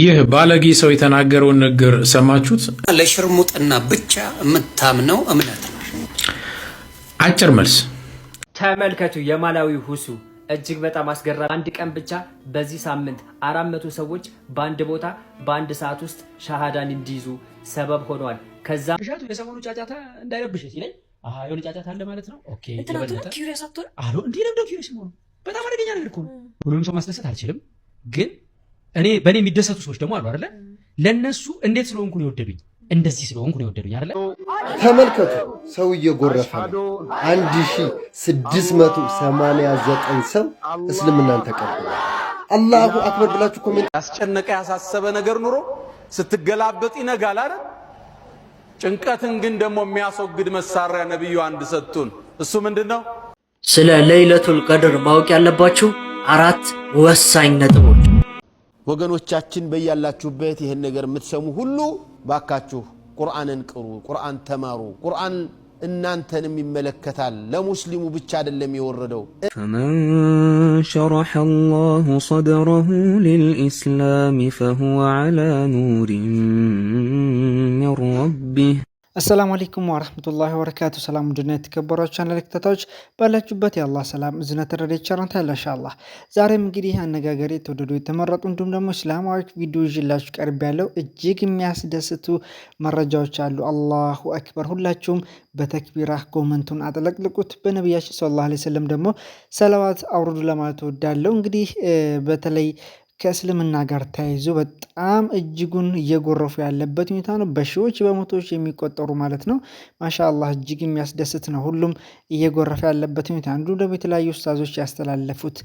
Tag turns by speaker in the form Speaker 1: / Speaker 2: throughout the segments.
Speaker 1: ይህ ባለጌ ሰው የተናገረውን ንግግር ሰማችሁት።
Speaker 2: ለሽርሙጥና ብቻ የምታምነው እምነት ነው።
Speaker 1: አጭር መልስ
Speaker 3: ተመልከቱ። የማላዊ ሁሱ እጅግ በጣም አስገራሚ። አንድ ቀን ብቻ በዚህ ሳምንት አራት መቶ ሰዎች በአንድ ቦታ በአንድ ሰዓት ውስጥ ሻሃዳን እንዲይዙ ሰበብ ሆኗል። ከዛ
Speaker 4: ሻቱ የሰሞኑ ጫጫታ እንዳይረብሽ ሲለኝ የሆነ ጫጫታ አለ ማለት ነው። በጣም አደገኛ ነገር እኮ ነው። ሁሉም ሰው ማስደሰት አልችልም ግን እኔ በእኔ የሚደሰቱ ሰዎች ደግሞ አሉ አይደለ? ለእነሱ እንዴት ስለሆንኩ ነው የወደዱኝ፣ እንደዚህ ስለሆንኩ ነው የወደዱኝ አይደለ?
Speaker 5: ተመልከቱ፣ ሰው እየጎረፈ ነው። አንድ ሺ ስድስት መቶ ሰማንያ ዘጠኝ ሰው እስልምናን ተቀብሏል። አላሁ አክበር ብላችሁ ኮሜንት።
Speaker 6: ያስጨነቀ ያሳሰበ ነገር ኑሮ ስትገላበጥ ይነጋል አይደል? ጭንቀትን ግን ደግሞ የሚያስወግድ መሳሪያ ነቢዩ አንድ ሰጡን። እሱ ምንድን ነው?
Speaker 7: ስለ ለይለቱል ቀድር ማወቅ ያለባችሁ አራት ወሳኝ ነጥቦች
Speaker 8: ወገኖቻችን በያላችሁበት ይህን ነገር የምትሰሙ ሁሉ ባካችሁ ቁርአንን ቅሩ፣ ቁርአን ተማሩ። ቁርአን እናንተንም ይመለከታል። ለሙስሊሙ ብቻ አይደለም የወረደው።
Speaker 9: ፈመን ሸረሐ አላሁ ሰድረሁ ሊልኢስላሚ ፈሁወ ዐላ ኑሪን ሚን ረቢህ
Speaker 10: አሰላሙ አለይኩም ወራህመቱላሂ ወበረካቱ። ሰላም ድና የተከበራችሁ ተከታታዮች ባላችሁበት የአላህ ሰላም እዝነት ተረደ ቸርነት ያለሻላ። ዛሬም እንግዲህ አነጋገር የተወደዱ የተመረጡ እንዲሁም ደግሞ እስላማዊ ቪዲዮ ይዤላችሁ ቀርብ ያለው እጅግ የሚያስደስቱ መረጃዎች አሉ። አላሁ አክበር። ሁላችሁም በተክቢራ ኮመንቱን አጥለቅልቁት። በነቢያችን ሰለላሁ ዐለይሂ ወሰለም ደግሞ ሰለዋት አውርዱ ለማለት እወዳለሁ። እንግዲህ በተለይ ከእስልምና ጋር ተያይዞ በጣም እጅጉን እየጎረፉ ያለበት ሁኔታ ነው። በሺዎች በመቶዎች የሚቆጠሩ ማለት ነው። ማሻላ እጅግ የሚያስደስት ነው። ሁሉም እየጎረፈ ያለበት ሁኔታ አንዱ ደግሞ የተለያዩ ኡስታዞች ያስተላለፉት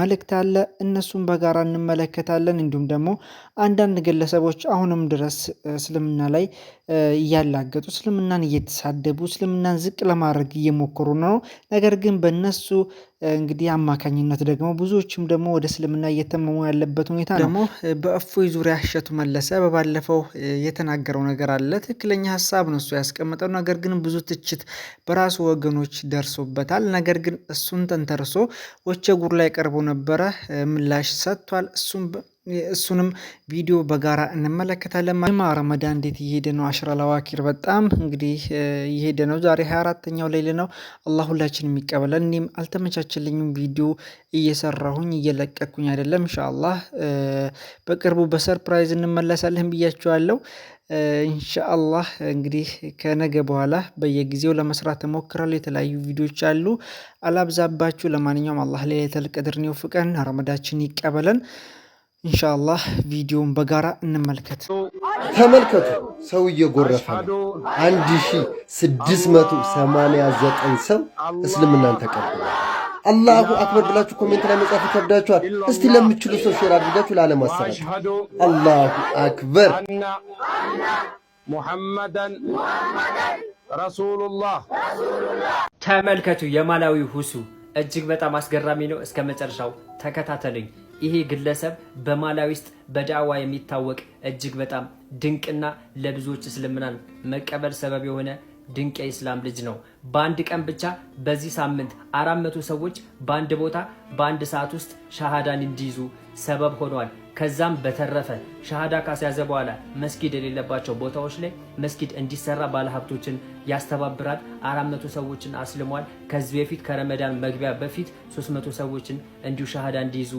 Speaker 10: መልእክት አለ። እነሱም በጋራ እንመለከታለን። እንዲሁም ደግሞ አንዳንድ ግለሰቦች አሁንም ድረስ እስልምና ላይ እያላገጡ እስልምናን እየተሳደቡ እስልምናን ዝቅ ለማድረግ እየሞከሩ ነው። ነገር ግን በእነሱ እንግዲህ አማካኝነት ደግሞ ብዙዎችም ደግሞ ወደ እስልምና እየተመሙ ያለበት ሁኔታ ደግሞ በእፎይ ዙሪያ እሸቱ መለሰ በባለፈው የተናገረው ነገር አለ። ትክክለኛ ሀሳብ ነው እሱ ያስቀመጠው። ነገር ግን ብዙ ትችት በራሱ ወገኖች ደርሶበታል። ነገር ግን እሱን ተንተርሶ ወቸጉር ላይ ቀርቦ ነበረ፣ ምላሽ ሰጥቷል። እሱም እሱንም ቪዲዮ በጋራ እንመለከታለን። ረመዳን እንዴት እየሄደ ነው? አሽራ ለዋኪር በጣም እንግዲህ እየሄደ ነው። ዛሬ 24 አራተኛው ሌል ነው። አላህ ሁላችን የሚቀበለን። እኔም አልተመቻችልኝም። ቪዲዮ እየሰራሁኝ እየለቀኩኝ አይደለም። እንሻአላህ በቅርቡ በሰርፕራይዝ እንመለሳለን ብያችኋለሁ። እንሻአላህ እንግዲህ ከነገ በኋላ በየጊዜው ለመስራት እሞክራለሁ። የተለያዩ ቪዲዮዎች አሉ፣ አላብዛባችሁ። ለማንኛውም አላህ ሌላ ቀድርን ይወፍቀን፣ ረመዳችን ይቀበለን። ኢንሻአላህ ቪዲዮን በጋራ እንመልከት።
Speaker 5: ተመልከቱ፣ ሰው እየጎረፈ ነው። 1689 ሰው እስልምናን ተቀብሏል። አላሁ አክበር ብላችሁ ኮሜንት ላይ መጻፍ ይከብዳችኋል። እስቲ ለምችሉ ሰው ሼር አድርጋችሁ ለዓለም አሰራጭ። አላሁ አክበር
Speaker 11: ሙሐመደን ረሱሉላህ።
Speaker 3: ተመልከቱ የማላዊ ሁሱ እጅግ በጣም አስገራሚ ነው። እስከ መጨረሻው ተከታተሉኝ። ይሄ ግለሰብ በማላዊ ውስጥ በዳዋ የሚታወቅ እጅግ በጣም ድንቅና ለብዙዎች እስልምናን መቀበል ሰበብ የሆነ ድንቅ የእስላም ልጅ ነው። በአንድ ቀን ብቻ በዚህ ሳምንት አራት መቶ ሰዎች በአንድ ቦታ በአንድ ሰዓት ውስጥ ሻሃዳን እንዲይዙ ሰበብ ሆኗል። ከዛም በተረፈ ሻሃዳ ካስያዘ በኋላ መስጊድ የሌለባቸው ቦታዎች ላይ መስጊድ እንዲሰራ ባለሀብቶችን ያስተባብራል። አራት መቶ ሰዎችን አስልሟል። ከዚህ በፊት ከረመዳን መግቢያ በፊት 300 ሰዎችን እንዲሁ ሻሃዳ እንዲይዙ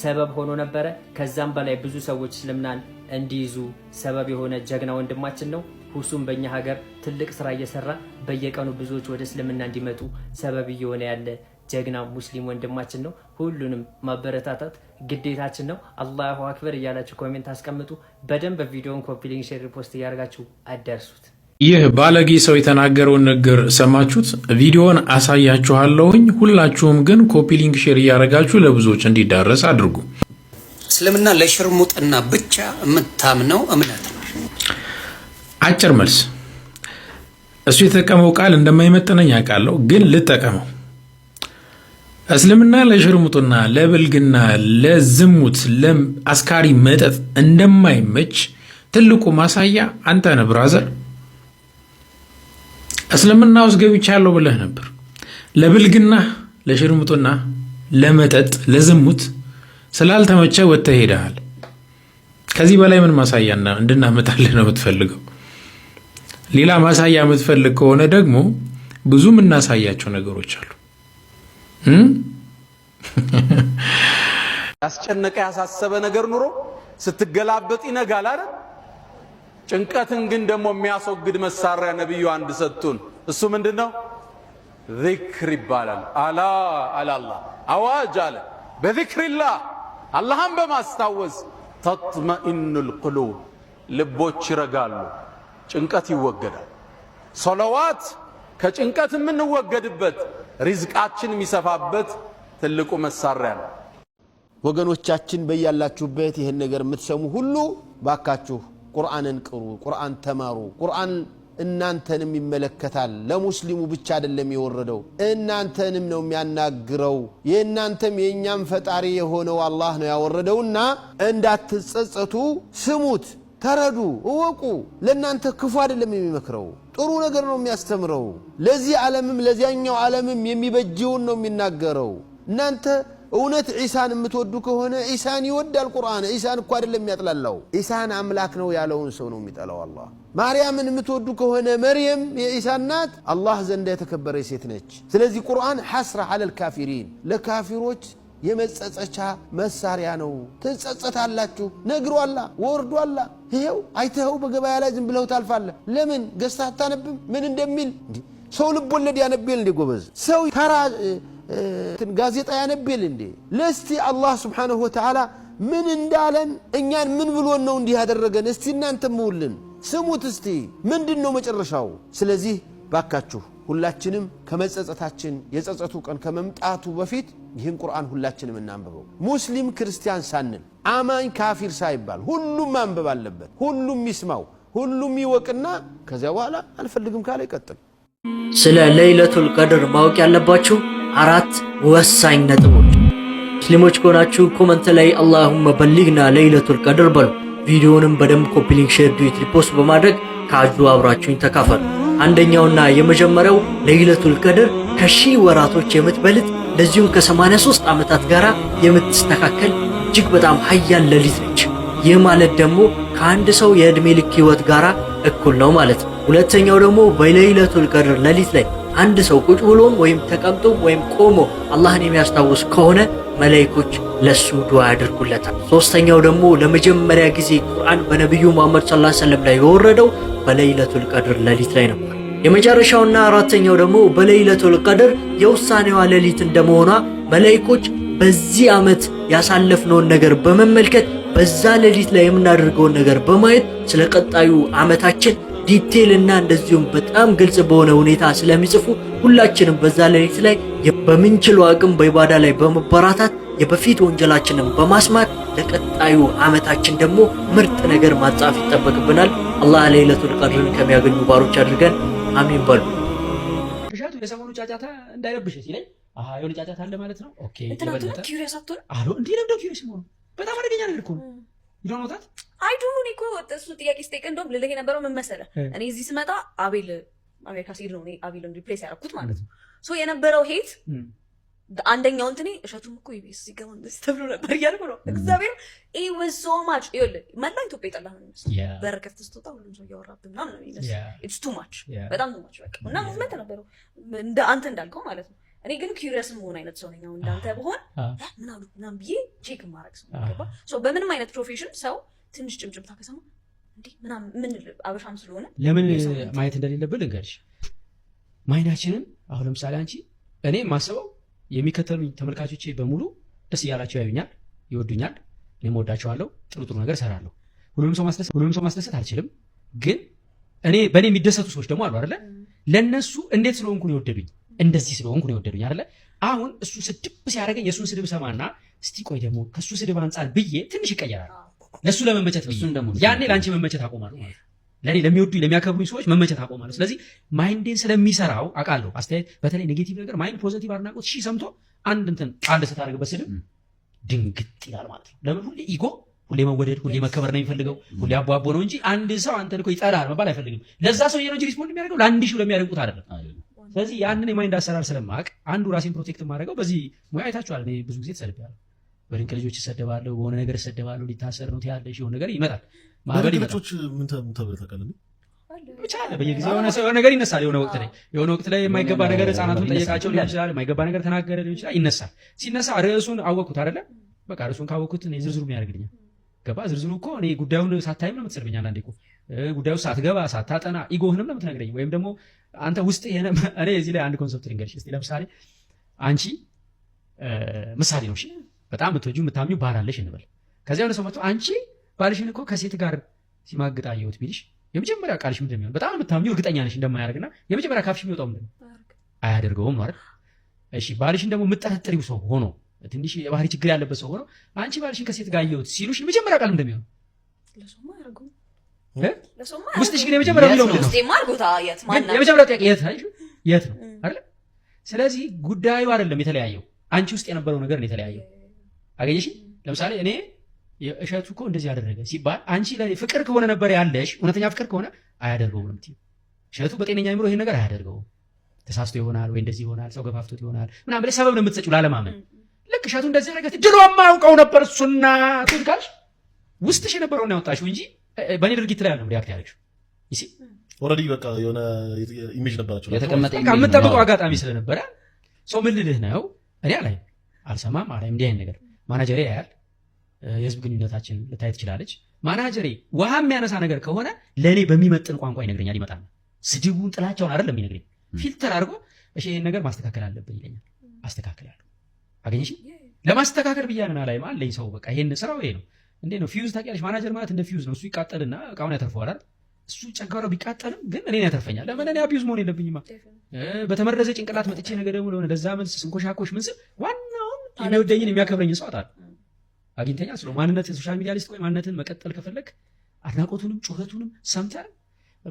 Speaker 3: ሰበብ ሆኖ ነበረ። ከዛም በላይ ብዙ ሰዎች እስልምናን እንዲይዙ ሰበብ የሆነ ጀግና ወንድማችን ነው። ሁሱም በእኛ ሀገር ትልቅ ስራ እየሰራ በየቀኑ ብዙዎች ወደ እስልምና እንዲመጡ ሰበብ እየሆነ ያለ ጀግና ሙስሊም ወንድማችን ነው። ሁሉንም ማበረታታት ግዴታችን ነው። አላሁ አክበር እያላችሁ ኮሜንት አስቀምጡ። በደንብ ቪዲዮን ኮፒሊንግ ሼር እያደርጋችሁ አዳርሱት።
Speaker 1: ይህ ባለጌ ሰው የተናገረውን ንግግር ሰማችሁት? ቪዲዮውን አሳያችኋለሁኝ። ሁላችሁም ግን ኮፒ ሊንክ፣ ሼር እያደረጋችሁ ለብዙዎች እንዲዳረስ አድርጉ።
Speaker 2: እስልምና ለሽርሙጥና ብቻ የምታምነው እምነት ነው።
Speaker 1: አጭር መልስ። እሱ የተጠቀመው ቃል እንደማይመጥነኝ አውቃለሁ፣ ግን ልጠቀመው። እስልምና ለሽርሙጥና፣ ለብልግና፣ ለዝሙት፣ ለአስካሪ መጠጥ እንደማይመች ትልቁ ማሳያ አንተ ነህ ብራዘር እስልምና ውስጥ ገብቻለሁ ብለህ ነበር። ለብልግና፣ ለሽርሙጥና፣ ለመጠጥ፣ ለዝሙት ስላልተመቸ ወጥተህ ሄደሃል። ከዚህ በላይ ምን ማሳያና እንድናመጣልህ ነው የምትፈልገው? ሌላ ማሳያ የምትፈልግ ከሆነ ደግሞ ብዙ የምናሳያቸው ነገሮች አሉ።
Speaker 6: ያስጨነቀ ያሳሰበ ነገር ኑሮ ስትገላበጥ ይነጋል አይደል? ጭንቀትን ግን ደግሞ የሚያስወግድ መሳሪያ ነቢዩ አንድ ሰጡን። እሱ ምንድን ነው? ዚክር ይባላል። አላ አላላ አዋጅ አለ በዚክሪላህ አላህን በማስታወስ ተጥመኢኑ ልቁሉብ ልቦች ይረጋሉ፣ ጭንቀት ይወገዳል። ሶለዋት ከጭንቀት የምንወገድበት ሪዝቃችን የሚሰፋበት ትልቁ መሳሪያ ነው።
Speaker 8: ወገኖቻችን በያላችሁበት ይህን ነገር የምትሰሙ ሁሉ ባካችሁ ቁርአንን ቅሩ፣ ቁርአን ተማሩ። ቁርአን እናንተንም ይመለከታል። ለሙስሊሙ ብቻ አይደለም የወረደው፣ እናንተንም ነው የሚያናግረው። የእናንተም የእኛም ፈጣሪ የሆነው አላህ ነው ያወረደውና እንዳትጸጸቱ ስሙት፣ ተረዱ፣ እወቁ። ለእናንተ ክፉ አይደለም የሚመክረው፣ ጥሩ ነገር ነው የሚያስተምረው። ለዚህ ዓለምም ለዚያኛው ዓለምም የሚበጅውን ነው የሚናገረው እናንተ እውነት ዒሳን የምትወዱ ከሆነ ዒሳን ይወዳል ቁርአን። ዒሳን እኮ አይደለም የሚያጥላላው፣ ዒሳን አምላክ ነው ያለውን ሰው ነው የሚጠላው አላህ። ማርያምን የምትወዱ ከሆነ መርየም የዒሳ ናት አላህ ዘንዳ የተከበረ ሴት ነች። ስለዚህ ቁርአን ሐስራ አለል ካፊሪን ለካፊሮች የመጸጸቻ መሳሪያ ነው። ትጸጸታላችሁ ነግሯላ፣ ወርዷላ። ይኸው አይተኸው በገበያ ላይ ዝም ብለው ታልፋለህ። ለምን ገዝተህ አታነብም? ምን እንደሚል ሰው ልብ ወለድ ያነብል እንደ ጎበዝ ሰው ተራ ጋዜጣ ያነብል እንዴ? ለእስቲ አላህ ስብሓንሁ ወተዓላ ምን እንዳለን እኛን ምን ብሎን ነው እንዲህ ያደረገን? እስቲ እናንተም ውልን ስሙት እስቲ ምንድን ነው መጨረሻው? ስለዚህ ባካችሁ ሁላችንም ከመጸጸታችን የጸጸቱ ቀን ከመምጣቱ በፊት ይህን ቁርአን ሁላችንም እናንብበው። ሙስሊም ክርስቲያን ሳንል፣ አማኝ ካፊር ሳይባል ሁሉም ማንበብ አለበት። ሁሉም ይስማው፣ ሁሉም ይወቅና ከዚያ በኋላ አልፈልግም ካለ ይቀጥል።
Speaker 7: ስለ ለይለቱል ቀድር ማወቅ ያለባችሁ አራት ወሳኝ ነጥቦች። ሙስሊሞች ከሆናችሁ ኮመንት ላይ አላሁመ በሊግና ለይለቱል ቀድር በሉ። ቪዲዮውንም በደንብ ኮፒ ሊንክ፣ ሼር፣ ዱዊት፣ ሪፖስት በማድረግ ከአጁ አብራችሁኝ ተካፈሉ። አንደኛውና የመጀመሪያው ለይለቱል ቀድር ከሺህ ወራቶች የምትበልጥ እንደዚሁም ከ83 ዓመታት ጋር የምትስተካከል እጅግ በጣም ሀያል ለሊት ነች። ይህ ማለት ደግሞ ከአንድ ሰው የዕድሜ ልክ ህይወት ጋር እኩል ነው ማለት ነው። ሁለተኛው ደግሞ በለይለቱል ቀድር ሌሊት ላይ አንድ ሰው ቁጭ ብሎም ወይም ተቀምጦ ወይም ቆሞ አላህን የሚያስታውስ ከሆነ መላይኮች ለሱ ዱዓ ያደርጉለታል። ሶስተኛው ደግሞ ለመጀመሪያ ጊዜ ቁርአን በነቢዩ መሐመድ ሰለላሁ ዐለይሂ ወሰለም ላይ የወረደው በለይለቱል ቀድር ሌሊት ላይ ነው። የመጨረሻውና አራተኛው ደግሞ በለይለቱል ቀድር የውሳኔዋ ሌሊት እንደመሆኗ መላይኮች በዚህ ዓመት ያሳለፍነውን ነገር በመመልከት በዛ ሌሊት ላይ የምናደርገውን ነገር በማየት ስለ ቀጣዩ ዓመታችን ዲቴል እና እንደዚሁም በጣም ግልጽ በሆነ ሁኔታ ስለሚጽፉ ሁላችንም በዛ ሌሊት ላይ በምንችለው አቅም በኢባዳ ላይ በመበራታት የበፊት ወንጀላችንን በማስማት ለቀጣዩ አመታችን ደግሞ ምርጥ ነገር ማጻፍ ይጠበቅብናል። አላህ ለይለቱል ቀድርን ከሚያገኙ ባሮች አድርገን አሚን በሉ።
Speaker 4: ከሻቱ የሰሞኑ ጫጫታ እንዳይረብሽ ሲለኝ የሆነ ጫጫታ አለ ማለት ነው። ኦኬ
Speaker 12: እንትና ኪሪያስ አትሆን
Speaker 4: እንዲህ ለምደው ኪሪያስ መሆኑ በጣም አደገኛ ነገር እኮ ነው። ጆን መውጣት
Speaker 12: አይዱን እኔ እኮ እሱ ጥያቄ ስጠይቅ እንደውም ልልህ የነበረው ምን መሰለህ፣ እኔ እዚህ ስመጣ አቤል አሜሪካ ሲሄድ ነው አቤል ሪፕሌስ ያደረኩት ማለት ነው። የነበረው ሄት አንደኛው እንትኔ እሸቱም እኮ ኢቢኤስ ሲገባ እንደዚህ ተብሎ ነበር እያልኩ ነው። እግዚአብሔር ይህ ወዝ ሶ ማች ይኸውልህ፣ መላ ኢትዮጵያ የጠላህ ነው የሚመስለው። በር ከፍተህ ስትወጣ ሁሉም ሰው እያወራብህ ምናምን ነው የሚመስለው። ኢትስ ቱ ማች፣ በጣም ቱ ማች በቃ። እና ሙቭመንት ነበረው እንደ አንተ እንዳልከው ማለት ነው እኔ ግን ኪሪየስ መሆን አይነት ሰው ነኝ። እንዳንተ ብሆን ምናምን ምናምን ብዬ ቼክ ማድረግ ሰው ገባ። በምንም አይነት ፕሮፌሽን ሰው ትንሽ ጭምጭምታ ከሰማ እንዴ ምናምን ምን አበሻም ስለሆነ
Speaker 4: ለምን ማየት እንደሌለብን ልንገርሽ። ማይናችንን አሁን ለምሳሌ አንቺ እኔ ማስበው የሚከተሉኝ ተመልካቾቼ በሙሉ ደስ እያላቸው ያዩኛል፣ ይወዱኛል፣ እኔም ወዳቸዋለሁ። ጥሩ ጥሩ ነገር እሰራለሁ። ሁሉንም ሰው ማስደሰት አልችልም፣ ግን እኔ በእኔ የሚደሰቱ ሰዎች ደግሞ አሉ አይደለ? ለእነሱ እንዴት ስለሆንኩን ይወደዱኝ እንደዚህ ስለሆንኩ ነው የወደዱኝ አይደለ? አሁን እሱ ስድብ ሲያደርገኝ የእሱን ስድብ ሰማና እስቲ ቆይ ደግሞ ከእሱ ስድብ አንጻር ብዬ ትንሽ ይቀየራል። ለእሱ ለመመቸት ብዬ ያኔ ለአንቺ መመቸት አቆማለሁ ማለት ለእኔ ለሚወዱኝ ለሚያከብሩኝ ሰዎች መመቸት አቆማለሁ። ስለዚህ ማይንዴን ስለሚሰራው አውቃለሁ። አስተያየት በተለይ ኔጌቲቭ ነገር ማይንድ ፖዘቲቭ አድናቆት ሺህ ሰምቶ አንድ እንትን አንድ ስታደርግበት ስድብ ድንግጥ ይላል ማለት ነው። ለምን ሁሌ ኢጎ ሁሌ መወደድ ሁሌ መከበር ነው የሚፈልገው። ሁሌ አቧቦ ነው እንጂ አንድ ሰው አንተን እኮ ይጠላል መባል አይፈልግም። ለዛ ሰው ነው ሪስፖንድ የሚያደርገው ለአንድ ሺው ለሚያደርጉት አይደለም። ስለዚህ ያንን የማይንድ አሰራር ስለማቅ አንዱ ራሴን ፕሮቴክት የማደርገው በዚህ ሙያ አይታችኋል። ብዙ ጊዜ ተሰድቤያለሁ። በድንቅ ልጆች እሰደባለሁ፣ በሆነ ነገር እሰደባለሁ። ሊታሰር ነው ትያለሽ፣ የሆነ ነገር ይመጣል።
Speaker 1: ማህበር ልጆች ምን ተብለህ ታውቃለህ?
Speaker 4: ብቻ የሆነ ነገር ይነሳል። የሆነ ወቅት ላይ የሆነ ወቅት ላይ የማይገባ ነገር ህጻናቱን ጠየቃቸው ሊሆን ይችላል፣ የማይገባ ነገር ተናገረ ሊሆን ይችላል። ይነሳል። ሲነሳ ርዕሱን አወቅኩት አይደለ? በቃ ርዕሱን ካወቅኩት ዝርዝሩ የሚያደርግልኛል። ገባ ዝርዝሩ እኮ እኔ ጉዳዩን ሳታይም ነው የምትሰድበኝ አንዳንዴ እኮ ጉዳዩ ሳትገባ ሳታጠና ኢጎህንም ለምትነግረኝ ወይም ደግሞ አንተ ውስጥ እኔ እዚህ ላይ አንድ ኮንሰፕት ልንገርሽ እስኪ። ለምሳሌ አንቺ ምሳሌ ነው በጣም የምትወጂው የምታምኚው ባል አለሽ እንበል። ከዚያ የሆነ ሰው መጥቶ አንቺ ባልሽን እኮ ከሴት ጋር ሲማግጥ አየሁት ቢልሽ የመጀመሪያ ቃልሽ ምንድን ነው በጣም የምታምኚው እርግጠኛ ነሽ እንደማያደርግና የመጀመሪያ ካፍሽ የሚወጣው ምንድን ነው? አያደርገውም ማለት እሺ። ባልሽን ደግሞ የምጠረጥሪው ሰው ሆኖ ትንሽ የባህሪ ችግር ያለበት ሰው ሆኖ አንቺ ባልሽን ከሴት ጋር አየሁት ሲሉሽ የመጀመሪያ ቃል እንደሚሆን ውስጥሽ ግን የመጀመሪያ የሚለው ነው። የመጀመሪያ ጥያቄ የት ነው አይደል? ስለዚህ ጉዳዩ አይደለም የተለያየው፣ አንቺ ውስጥ የነበረው ነገር ነው የተለያየው። አገኘሽ? ለምሳሌ እኔ እሸቱ እኮ እንደዚህ አደረገ ሲባል አንቺ ላይ ፍቅር ከሆነ ነበር ያለሽ፣ እውነተኛ ፍቅር ከሆነ አያደርገውም ነው የምትይው። እሸቱ በጤነኛ አይምሮ ይሄን ነገር አያደርገውም፣ ተሳስቶ ይሆናል ወይ እንደዚህ ይሆናል፣ ሰው ገፋፍቶት ይሆናል ምናምን ብለሽ ሰበብ ነው የምትሰጪው ላለማመን። ልክ እሸቱ እንደዚህ ያደረገ ድሮ የማያውቀው ነበር እሱና ትልካልሽ ውስጥሽ የነበረውን ያወጣሽው እንጂ በእኔ ድርጊት ላይ አለም ሪያክት ያደረግሽው
Speaker 1: ኦልሬዲ በቃ የሆነ ኢሜጅ ነበራቸው
Speaker 4: የምጠብቀው አጋጣሚ ስለነበረ ሰው ምን ልልህ ነው እኔ አላይም አልሰማም አላይም እንዲህ አይነት ነገር ማናጀሬ ያያል የህዝብ ግንኙነታችን ልታይ ትችላለች ማናጀሬ ውሃ የሚያነሳ ነገር ከሆነ ለእኔ በሚመጥን ቋንቋ ይነግረኛል ይመጣል ስድቡን ጥላቸውን አይደለም ይነግረኝ ፊልተር አድርጎ እሺ ይህን ነገር ማስተካከል አለብን ይለኛል አስተካክላለሁ አገኘሽ ለማስተካከል ብያንን አላይም አለኝ ሰው በቃ ይሄን ስራው ይሄ ነው እንዴ ነው ፊውዝ ታውቂያለሽ? ማናጀር ማለት እንደ ፊውዝ ነው። እሱ ይቃጠልና እቃውን ያተርፈዋል እሱ ጨጓራው ቢቃጠልም ግን እኔን ያተርፈኛል። ለምን እኔ አቢዩዝ መሆን የለብኝማ። በተመረዘ ጭንቅላት መጥቼ ነገር ደግሞ ለሆነ ለዛ መልስ ስንኮሻኮሽ ምን ስል ዋናውን የሚወደኝን የሚያከብረኝ ሰው አጣል አግኝተኛ ስለ ማንነት ሶሻል ሚዲያ ሊስት ወይ ማንነትን መቀጠል ከፈለግ አድናቆቱንም ጩኸቱንም ሰምተር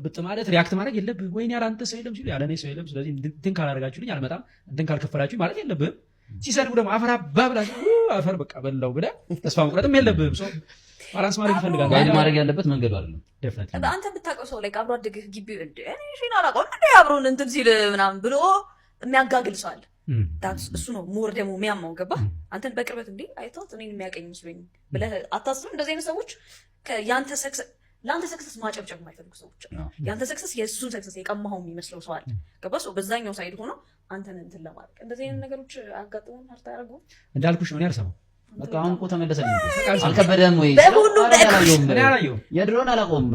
Speaker 4: ብጥ ማለት ሪያክት ማድረግ የለብ ወይኔ ያላንተ ሰው የለም ሲሉ ያለኔ ሰው የለም። ስለዚህ እንትን ካላደረጋችሁልኝ አልመጣም እንትን ካልከፈላችሁኝ ማለት የለብህም። ሲሰድቡ ደግሞ አፈር አባ ብላ አፈር በቃ በላው ብለህ ተስፋ መቁረጥም የለብህም። ሰው ባላንስ ማድረግ
Speaker 1: ይፈልጋል። ጋይድ ማድረግ ያለበት መንገዱ አለ።
Speaker 12: አንተ የምታውቀው ሰው ላይ አብሮ አደግህ ግቢ ናላቀው እንደ አብሮን እንትን ሲል ምናምን ብሎ የሚያጋግል ሰው አለ። እሱ ነው ሞር ደግሞ የሚያማው ገባ አንተን በቅርበት እንዴ አይተው እኔን የሚያቀኝ መስሎኝ ብለህ አታስብም? እንደዚህ አይነት ሰዎች ያንተ ሰክሰስ ለአንተ ሰክሰስ ማጨብጨብ የማይፈልጉ ሰዎች፣ ያንተ ሰክሰስ የእሱን ሰክሰስ የቀማኸው የሚመስለው ሰው አለ። ገባህ? በዛኛው ሳይድ ሆኖ አንተን እንትን ለማድረግ እንደዚህ አይነት ነገሮች አጋጥሞ ርታ ያደርጉ
Speaker 4: እንዳልኩሽ ምን ያርሰው በቃ አሁን እኮ ተመለሰልኝ። አልከበደም ወይ? የድሮን አላቆም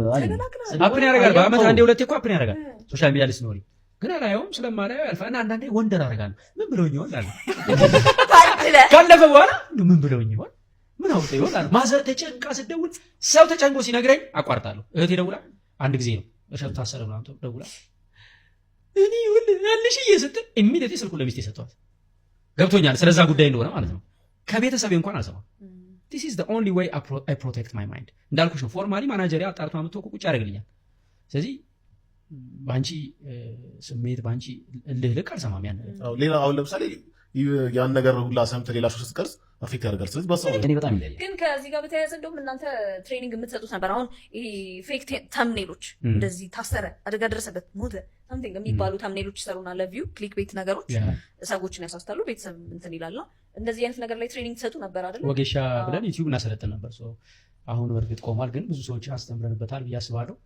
Speaker 4: አፕን ያደርጋል። በአመት አንዴ ሁለቴ እኮ አፕን ያደርጋል። ሶሻል ሚዲያ ላይ ስኖሪ ግን አላየውም ስለማላየው ያልፋ እና አንዳንዴ ወንደር አደርጋለሁ። ምን ብለውኝ ይሆን አለ ካለፈ በኋላ ምን ብለውኝ ይሆን ምን አውጥ ይሆን አለ። ማዘር ተጨንቃ ስደውል ሰው ተጨንቆ ሲነግረኝ አቋርጣለሁ። እህቴ ደውላ አንድ ጊዜ ነው እሸቱ ታሰረ ብላ ደውላ እኔ ስልኩ ሰጠዋት። ገብቶኛል ስለዛ ጉዳይ እንደሆነ ማለት ነው። ከቤተሰቤ እንኳን አልሰማም። ቲስ ኢዝ ዘ ኦንሊ ዌይ አይ ፕሮቴክት ማይ ማይንድ። እንዳልኩሽ ነው ፎርማሊ ማናጀሪያ አጣርቶ አምጥቶ ቁጭ ያደርግልኛል። ስለዚህ በአንቺ ስሜት በአንቺ እልህ ልክ አልሰማም። ያን
Speaker 1: ሌላ አሁን ለምሳሌ ያን ነገር ሁላ ሰምተህ ሌላ ሾው ስትቀርጽ አፌክት ያደርጋል። ስለዚህ በሰው
Speaker 12: ግን ከዚህ ጋር በተያያዘ እንደውም እናንተ ትሬኒንግ የምትሰጡት ነበር። አሁን ፌክ ተምኔሎች እንደዚህ ታሰረ፣ አደጋ ደረሰበት፣ ሞተ ሳምቲንግ የሚባሉ ተምኔሎች ይሰሩና ለቪው ክሊክ ቤት ነገሮች ሰዎችን ያሳስታሉ። ቤተሰብ እንትን ይላልና እንደዚህ አይነት ነገር ላይ ትሬኒንግ ትሰጡ ነበር አይደል?
Speaker 4: ወጌሻ ብለን ዩቲዩብ እናሰለጥን ነበር። አሁን በእርግጥ ቆሟል፣ ግን ብዙ ሰዎች አስተምረንበታል ብዬ አስባለሁ።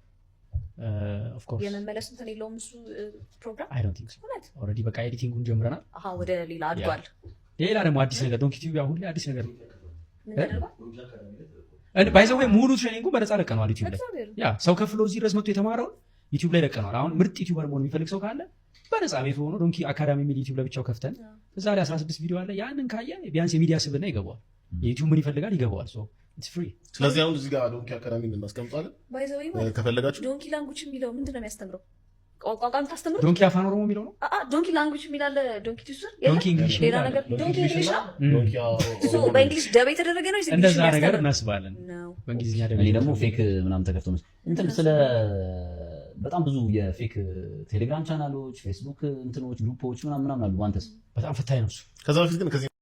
Speaker 4: Uh,
Speaker 12: የመመለስ እንትን የለውም እሱ ፕሮግራም
Speaker 4: uh, ኦልሬዲ በቃ ኤዲቲንጉን ጀምረናል።
Speaker 12: ወደ ሌላ አድጓል።
Speaker 4: ሌላ ደግሞ አዲስ ነገር ዶንኪ ቲዩብ አሁን አዲስ ነገር ባይዘ ወይ uh, ሙሉ ትሬኒንጉ በነፃ ለቀነዋል ዩቲዩብ ላይ ያ ሰው ከፍሎ እዚህ ድረስ መጥቶ የተማረውን ዩቲዩብ ላይ ለቀነዋል። አሁን ምርጥ ዩቲዩበር መሆን የሚፈልግ ሰው ካለ በነፃ ቤት ሆኖ ዶንኪ አካዳሚ የሚል ዩቲዩብ ለብቻው ከፍተን እዛ ላይ 16 ቪዲዮ አለ። ያንን ካየ ቢያንስ የሚዲያ ስብና ይገባዋል። ዩቲዩብ ምን ይፈልጋል ይገባዋል።
Speaker 1: ስለዚህ አሁን እዚህ ጋር ዶንኪ አካዳሚ እናስቀምጣለን።
Speaker 12: ከፈለጋችሁ ዶንኪ ላንጉጅ የሚለው ምንድን ነው የሚያስተምረው? ቋንቋ ታስተምሩ
Speaker 4: ዶንኪ አፋን ኦሮሞ የሚለው ነው።
Speaker 12: ዶንኪ ላንጉጅ የሚላለ ዶንኪ
Speaker 4: ዶንኪ እንግሊሽ ሌላ
Speaker 12: ነገር ዶንኪ እንግሊሽ ነው። በእንግሊሽ ደብ የተደረገ ነው
Speaker 4: እንደዛ ነገር እናስባለን። በእንግሊዝኛ
Speaker 1: ደብ ደግሞ ፌክ ምናምን ተከፍቶ መስ እንትን ስለ በጣም ብዙ የፌክ ቴሌግራም ቻናሎች፣ ፌስቡክ እንትኖች፣ ግሩፖች ምናምን ምናምን አሉ። አንተስ በጣም ፈታኝ ነው ከዛ በፊት ግን ከዚህ